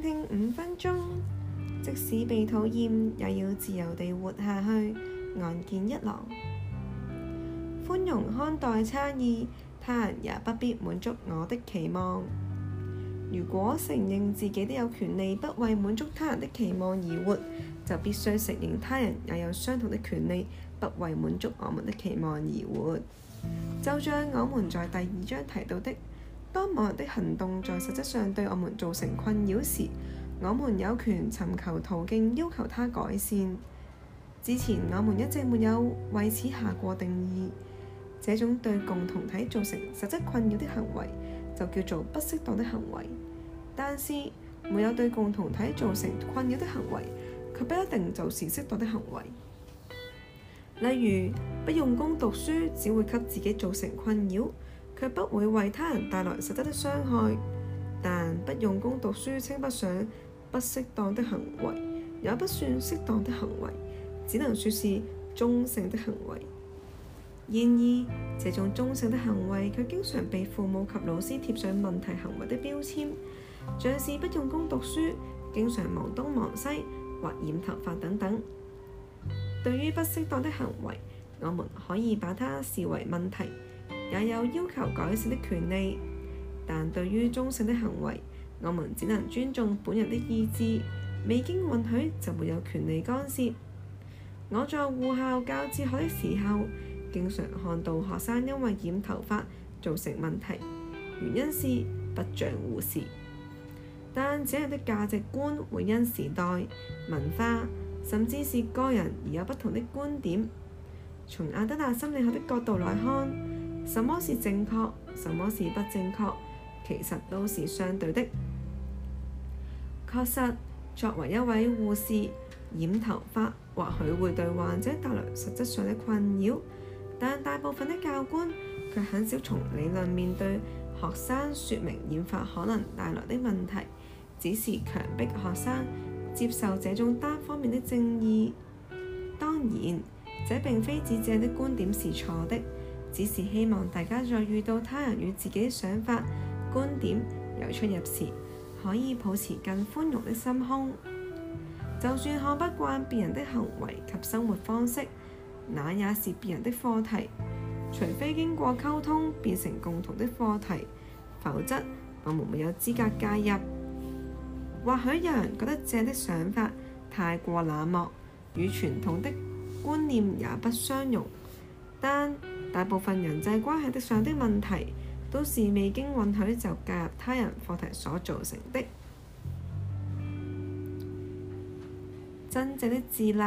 聽，聽五分鐘，即使被討厭，也要自由地活下去。岸見一郎，寬容看待差異，他人也不必滿足我的期望。如果承認自己都有權利不為滿足他人的期望而活，就必須承認他人也有相同的權利不為滿足我們的期望而活。就像我們在第二章提到的。當某人的行動在實質上對我們造成困擾時，我們有權尋求途徑要求他改善。之前我們一直沒有為此下過定義。這種對共同體造成實質困擾的行為，就叫做不適當的行為。但是沒有對共同體造成困擾的行為，卻不一定就是適當的行為。例如，不用功讀書，只會給自己造成困擾。卻不會為他人帶來實質的傷害，但不用功讀書稱不上不適當的行為，也不算適當的行為，只能說是中性的行為。然而，這種中性的行為卻經常被父母及老師貼上問題行為的標籤，像是不用功讀書、經常忙東忙西或染頭髮等等。對於不適當的行為，我們可以把它視為問題。也有要求改善的權利，但對於中性的行為，我們只能尊重本人的意志，未經允許就沒有權利干涉。我在護校教哲學的時候，經常看到學生因為染頭髮造成問題，原因是不像護士。但這樣的價值觀會因時代、文化，甚至是個人而有不同的觀點。從阿德納心理學的角度來看，什麼是正確，什麼是不正確，其實都是相對的。確實，作為一位護士，染頭髮或許會對患者帶來實質上的困擾，但大部分的教官卻很少從理論面對學生說明染髮可能帶來的問題，只是強迫學生接受這種單方面的正義。當然，這並非指這樣的觀點是錯的。只是希望大家在遇到他人與自己想法觀點有出入時，可以保持更寬容的心胸。就算看不慣別人的行為及生活方式，那也是別人的課題，除非經過溝通變成共同的課題，否則我們沒有資格介入。或許有人覺得這樣的想法太過冷漠，與傳統的觀念也不相容。但大部分人際關係的上的問題都是未經允許就介入他人課題所造成的。真正的自立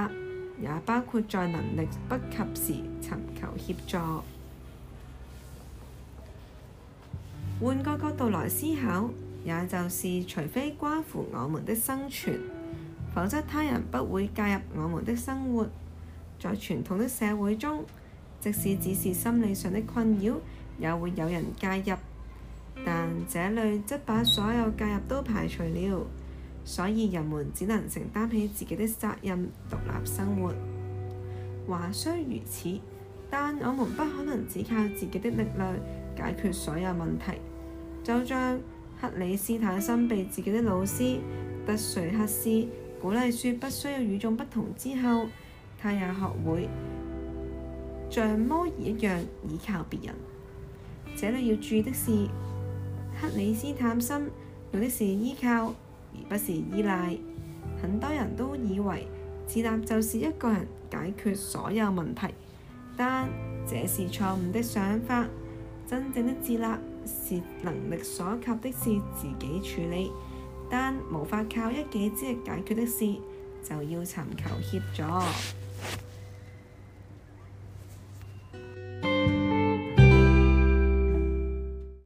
也包括在能力不及時尋求協助。換個角度來思考，也就是除非關乎我們的生存，否則他人不會介入我們的生活。在傳統的社會中，即使只是心理上的困擾，也會有人介入，但這裏則把所有介入都排除了，所以人們只能承擔起自己的責任，獨立生活。話雖如此，但我們不可能只靠自己的力量解決所有問題。就像克里斯坦森被自己的老師德瑞克斯鼓勵說不需要與眾不同之後，他也學會。像摩爾一樣依靠別人，這裏要注意的是，克里斯坦森用的是依靠，而不是依賴。很多人都以為自立就是一個人解決所有問題，但這是錯誤的想法。真正的自立是能力所及的事自己處理，但無法靠一己之力解決的事，就要尋求協助。